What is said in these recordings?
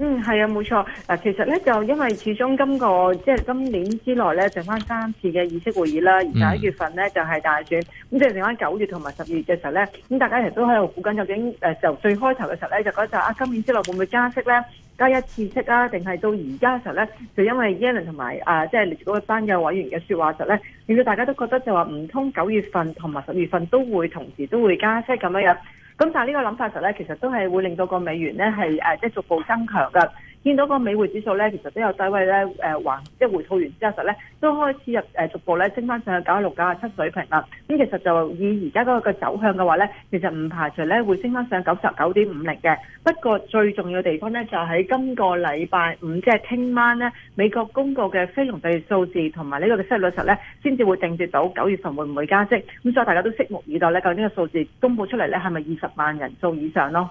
嗯，係啊，冇錯。嗱，其實咧就因為始終今、這個即係、就是、今年之內咧剩翻三次嘅議息會議啦，而十一月份咧就係、是、大選，咁即係剩翻九月同埋十月嘅時候咧，咁大家其實都喺度估緊究竟就最開頭嘅時候咧就覺得就啊，今年之內會唔會加息咧？加一次息啊，定係到而家嘅時候咧，就因為 Yellen 同埋啊，即係嗰個班嘅委員嘅說話實咧，令到大家都覺得就話唔通九月份同埋十月份都會同時都會加息咁樣樣。嗯咁但係呢個諗法實咧，其實都係會令到個美元咧係即係逐步增強噶。見到個美匯指數咧，其實都有低位咧，誒、呃，還即係回吐完之後咧，都開始入誒、呃、逐步咧升翻上去九十六、九十七水平啦。咁、嗯、其實就以而家嗰個走向嘅話咧，其實唔排除咧會升翻上九十九點五零嘅。不過最重要地方咧就喺、是、今個禮拜五即係聽晚咧，美國公告嘅非農就業數字同埋呢個嘅失業率實咧，先至會定節到九月份會唔會加息。咁所以大家都拭目以待咧，究竟個數字公佈出嚟咧係咪二十萬人數以上咯？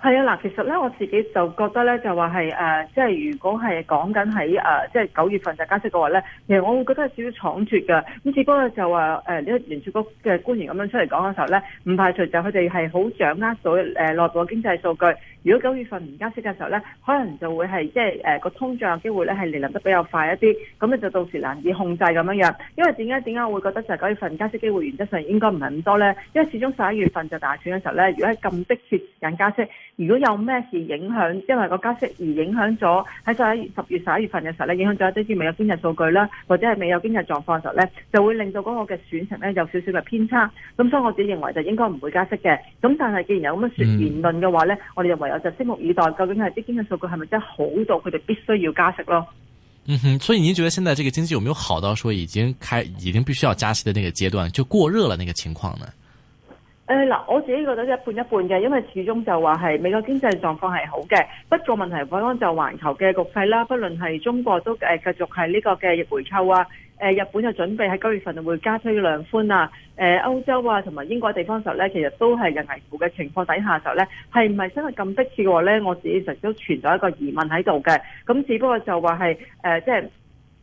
係啊，嗱，其實咧我自己就覺得咧，就話係誒，即、呃、係、就是、如果係講緊喺誒，即係九月份就加息嘅話咧，其實我會覺得係少少倉卒嘅。咁只不過就話誒，呢、呃這個聯儲局嘅官員咁樣出嚟講嘅時候咧，唔排除就佢哋係好掌握到誒內部嘅經濟數據。如果九月份唔加息嘅時候咧，可能就會係即係誒個通脹嘅機會咧係嚟臨得比較快一啲，咁咧就到時難以控制咁樣樣。因為點解點解我會覺得就係九月份加息機會原則上應該唔係咁多咧？因為始終十一月份就大選嘅時候咧，如果係咁逼切緊加息。如果有咩事影響，因為個加息而影響咗喺十月十一月份嘅時候咧，影響咗啲啲未有經濟數據啦，或者係未有經濟狀況嘅時候咧，就會令到嗰個嘅選情咧有少少嘅偏差。咁所以我自己認為就應該唔會加息嘅。咁但係既然有咁嘅説言論嘅話咧，嗯、我哋就唯有就拭目以待，究竟係啲經濟數據係咪真係好到佢哋必須要加息咯？嗯哼、所以您覺得現在這個經濟有冇有好到說已經開已經必須要加息嘅那個階段，就過熱了那個情況呢？誒嗱、嗯，我自己覺得一半一半嘅，因為始終就話係美國經濟狀況係好嘅，不過問題當然就環球嘅局勢啦，不論係中國都誒繼續係呢個嘅逆回抽啊，誒日本就準備喺九月份會加推量寬啊，誒歐洲啊同埋英國的地方的時候咧，其實都係人危故嘅情況底下的時候咧，係唔係真係咁迫切嘅話咧，我自己其實都存在一個疑問喺度嘅，咁只不過就話係誒即係。呃就是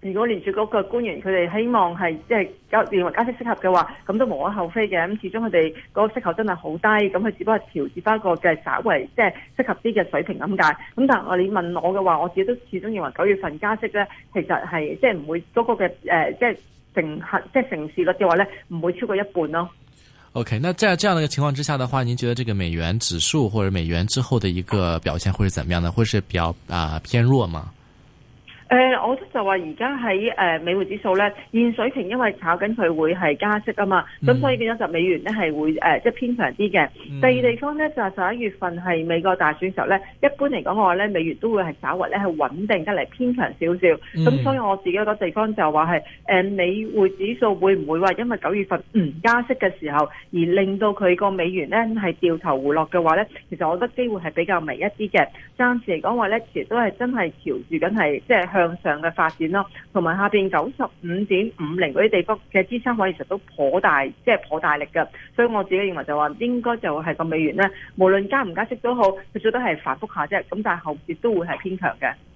如果聯儲局嘅官員佢哋希望係即係加認為加息適合嘅話，咁都無可厚非嘅。咁始終佢哋嗰個息口真係好低，咁佢只不過調節翻一個嘅稍微即係適合啲嘅水平咁解。咁但係你問我嘅話，我自己都始終認為九月份加息咧，其實係即係唔會嗰個嘅誒，即係成合即係成事率嘅話咧，唔會超過一半咯。OK，那在這樣嘅情況之下的話您覺得這個美元指數或者美元之後嘅一個表現會是怎麼樣呢？會是比較啊、呃、偏弱嗎誒、呃，我覺得就話而家喺誒美匯指數咧，現水平因為炒緊佢會係加息啊嘛，咁、嗯、所以變咗就美元咧係會、呃、即係偏強啲嘅。嗯、第二地方咧就係十一月份係美國大選嘅時候咧，一般嚟講話咧美元都會係稍為咧係穩定得嚟偏強少少。咁、嗯嗯、所以我自己嗰個地方就話係誒美匯指數會唔會話因為九月份唔加息嘅時候而令到佢個美元咧係掉頭回落嘅話咧，其實我覺得機會係比較微一啲嘅。暫時嚟講話咧，其實都係真係調住緊係即向上嘅發展咯，同埋下邊九十五點五零嗰啲地方嘅支撐位，其實都頗大，即係頗大力嘅。所以我自己認為就話應該就係個美元咧，無論加唔加息都好，佢最多係反覆下啫。咁但係後市都會係偏強嘅。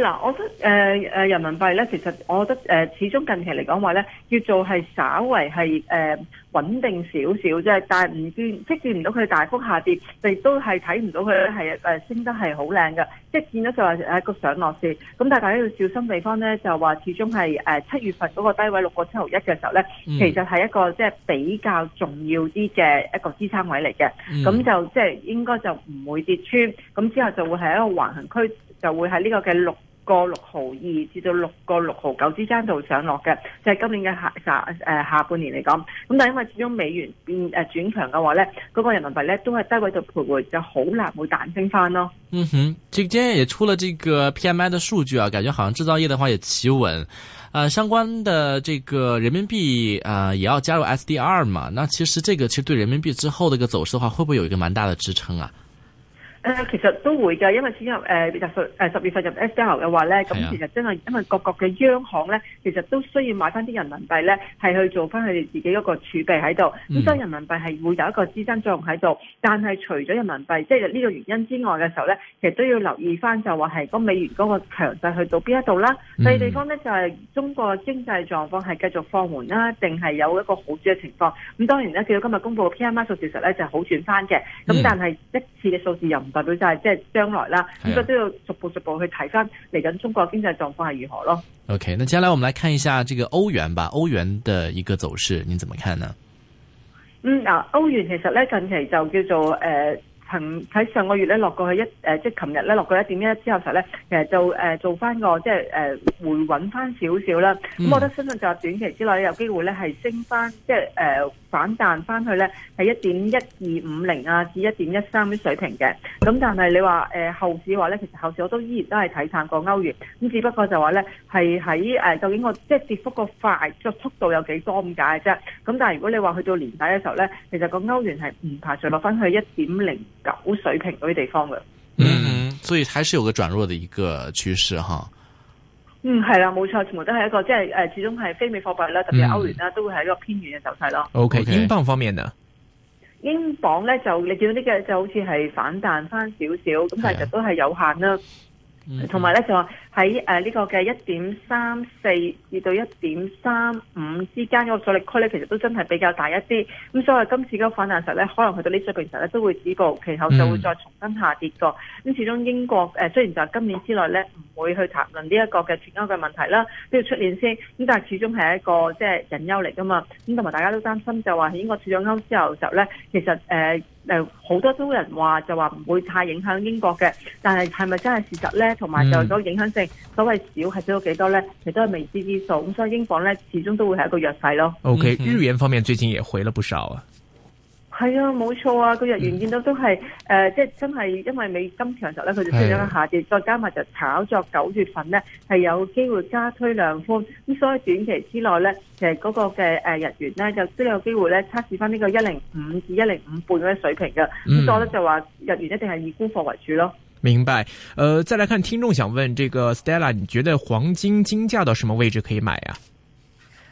嗱，我覺得誒誒、呃，人民幣咧，其實我覺得誒、呃，始終近期嚟講話咧，叫做係稍微係誒穩定少少啫，但係唔見即見唔到佢大幅下跌，亦都係睇唔到佢係誒升得係好靚嘅，即係見到就係誒個上落線。咁但係大家要小心地方咧，就話始終係誒七月份嗰個低位六個七毫一嘅時候咧，嗯、其實係一個即係比較重要啲嘅一個支撐位嚟嘅，咁、嗯、就即係應該就唔會跌穿，咁之後就會係一個橫行區。就會喺呢個嘅六個六毫二至到六個六毫九之間度上落嘅，就係、是、今年嘅下誒下、呃、下半年嚟講。咁但係因為始終美元變誒轉強嘅話咧，嗰、那個人民幣咧都係低位度徘徊，就好難會彈升翻咯。嗯哼，即今日也出了這個 P M I 嘅數據啊，感覺好像製造業嘅話也企穩。啊、呃，相關的這個人民幣啊、呃，也要加入 S D R 嘛？那其實這個其實對人民幣之後嘅一個走勢嘅話，會不會有一個蠻大嘅支撐啊？其實都會㗎，因為始終誒，十誒十月份入 S 型牛嘅話咧，咁其實真係因為各國嘅央行咧，其實都需要買翻啲人民幣咧，係去做翻佢哋自己嗰個儲備喺度。咁所以人民幣係會有一個資金作用喺度。但係除咗人民幣即係呢個原因之外嘅時候咧，其實都要留意翻就話係個美元嗰個強勢去到邊一度啦。第二地方咧就係、是、中國經濟狀況係繼續放緩啦，定係有一個好轉嘅情況？咁當然咧，見到今日公布嘅 PMI 數字實咧就係、是、好轉翻嘅。咁但係一次嘅數字又唔～代表就係即係將來啦，應該都要逐步逐步去睇翻嚟緊中國經濟狀況係如何咯。OK，那接下來我們來看一下這個歐元吧，歐元的一個走勢，你怎麼看呢？嗯啊，歐元其實咧近期就叫做誒。呃憑喺上個月咧落過去一誒，即係琴日咧落過一點一、呃、之後，實咧其實就誒、呃、做翻個即係誒、呃、回穩翻少少啦。咁我覺得，相信就話短期之內咧有機會咧係升翻，即係誒、呃、反彈翻去咧係一點一二五零啊，至一點一三啲水平嘅。咁但係你話誒、呃、後市話咧，其實後市我都依然都係睇淡個歐元，咁只不過就話咧係喺誒究竟個即係跌幅個快，個速度有幾多咁解嘅啫。咁但係如果你話去到年底嘅時候咧，其實個歐元係唔排除落翻去一點零。高水平嗰啲地方嘅，嗯，所以還是有個轉弱的一個趨勢哈。嗯，係啦，冇錯，全部都係一個即係誒、呃，始終係非美貨幣啦，特別歐元啦，嗯、都會係一個偏遠嘅走勢咯。O Okay, K，Okay. 英鎊方面呢，英鎊咧就你見到呢個就好似係反彈翻少少，咁的但係其實都係有限啦。同埋咧就話喺呢、呃呢個嘅一點三四至到一點三五之間嗰個阻力區咧，其實都真係比較大一啲。咁所以今次嘅反彈實咧，可能去到呢個水平呢，咧都會止步，其後就會再重新下跌過。咁、嗯嗯、始終英國誒、呃、雖然就係今年之內咧唔會去談論呢一個嘅脱歐嘅問題啦，都要出年先。咁但係始終係一個即係隱憂嚟㗎嘛。咁同埋大家都擔心就話英國脱咗歐之後就咧，其實誒。呃誒好多都人話就話唔會太影響英國嘅，但係係咪真係事實咧？同埋就嗰影響性、嗯、所謂少係少咗幾多咧？其實都係未知之數，咁所以英國咧始終都會係一個弱勢咯。OK，日元方面最近也回了不少啊。係啊，冇錯啊，個日元見到都係誒，即係、嗯呃、真係，因為美金強勢咧，佢就升咗一下跌，再加埋就炒作九月份咧，係有機會加推量寬。咁所以短期之內咧，其實嗰個嘅誒日元咧，就都有機會咧測試翻呢個一零五至一零五半嘅水平嘅。咁我咧就話日元一定係以沽貨為主咯。明白。誒、呃，再來看聽眾想問，這個 Stella，你覺得黃金金價到什麼位置可以買啊？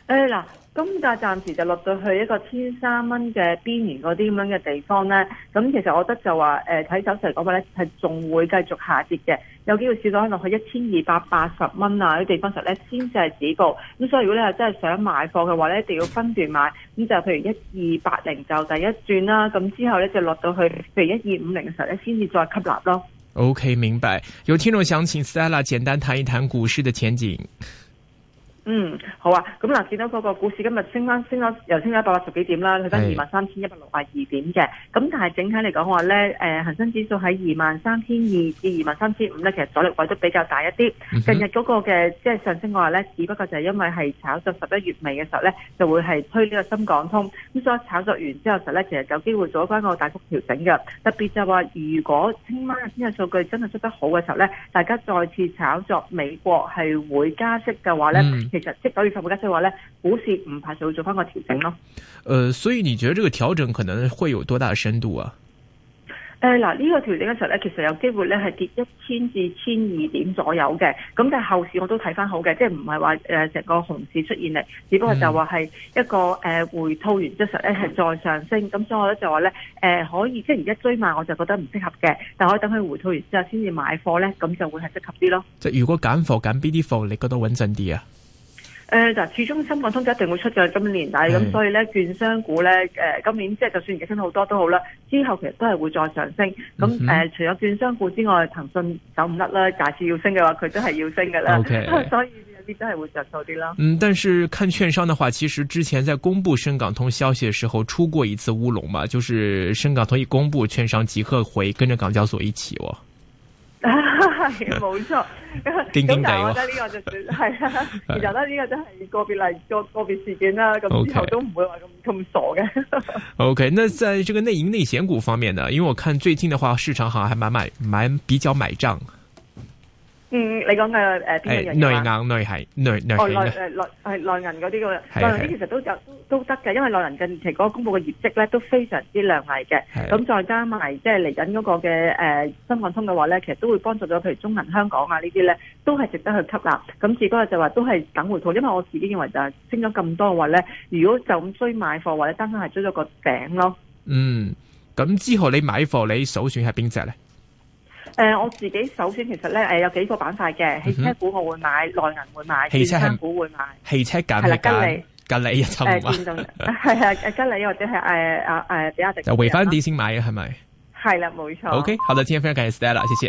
哎咁就暫時就落到去一個千三蚊嘅邊緣嗰啲咁樣嘅地方咧，咁其實我覺得就話誒睇走勢嚟講呢咧，係仲會繼續下跌嘅，有機會試到可能去一千二百八十蚊啊啲地方時候咧先至係止步。咁所以如果你係真係想買貨嘅話咧，一定要分段買。咁就譬如一二八零就第一轉啦，咁之後咧就落到去譬如一二五零嘅時候咧，先至再吸納咯。OK，明白。有聽眾想請 Stella 簡單談一談股市嘅前景。嗯，好啊。咁嗱，見到嗰個股市今日升翻，升咗又升咗一百八十幾點啦，去到二萬三千一百六十二點嘅。咁的但係整體嚟講話咧，誒恆生指數喺二萬三千二至二萬三千五咧，其實阻力位都比較大一啲。的近日嗰個嘅即係上升話咧，只不過就係因為係炒作十一月尾嘅時候咧，就會係推呢個深港通。咁所以炒作完之後實咧，其實就有機會做返個大幅調整嘅。特別就話，如果聽晚先嘅數據真係出得好嘅時候咧，大家再次炒作美國係會加息嘅話咧。嗯其實即九月份加息話咧，股市唔排除會做翻個調整咯。誒、呃，所以你覺得這個調整可能會有多大嘅深度啊？誒、呃，嗱，呢個調整嘅時候咧，其實有機會咧係跌一千至千二點左右嘅。咁但係後市我都睇翻好嘅，即係唔係話誒成個熊市出現嚟，只不過就話係一個誒回吐完之後咧係再上升。咁、嗯、所以我咧就話咧誒可以，即係而家追買我就覺得唔適合嘅，但可以等佢回吐完之後先至買貨咧，咁就會係適合啲咯。即係如果揀貨揀邊啲貨，你覺得穩陣啲啊？誒，嗱、呃，始終深港通就一定會出咗今年底咁，但嗯、所以咧，券商股咧，誒、呃，今年即係就算而家升好多都好啦，之後其實都係會再上升。咁誒、嗯哼呃，除咗券商股之外，騰訊走唔甩啦，下次要升嘅話，佢都係要升嘅啦 Okay.、呃。所以有啲都係會着數啲啦。嗯，但是看券商嘅話，其實之前在公布深港通消息嘅時候，出過一次烏龍嘛，就是深港通一公布，券商即刻會跟着港交所一起喎、哦。係冇錯，咁咁但係我覺得呢個就係、是、啦，其實咧呢個真係個別例個個別事件啦，咁之後都唔會話咁咁傻嘅。OK，那在這個內營內險股方面呢？因為我看最近的話，市場好像還蠻買，蠻比較買賬。嗯，你講嘅誒，邊一硬、嘢啊？係、內內係嘅，誒內係內銀嗰啲嘅，內其實都有的都得嘅，因為內銀近期嗰個公布嘅業績咧都非常之亮麗嘅。咁再加埋即係嚟緊嗰個嘅誒滬港通嘅話咧，其實都會幫助咗，譬如中銀香港啊呢啲咧，都係值得去吸納。咁似嗰日就話都係等回吐，因為我自己認為就係升咗咁多嘅話咧，如果就咁追買貨或者單單係追咗個頂咯。嗯，咁之後你買貨你首選係邊隻咧？誒，我自己首先其實咧，誒有幾個板塊嘅汽車股我會買，內銀會買，汽車股會買，汽車近近近近啊，誒，電動係係誒，吉利或者係誒啊誒比亞迪，回返啲先買係咪？係啦，冇錯。O K，好的，今天非常感謝 Stella，謝謝。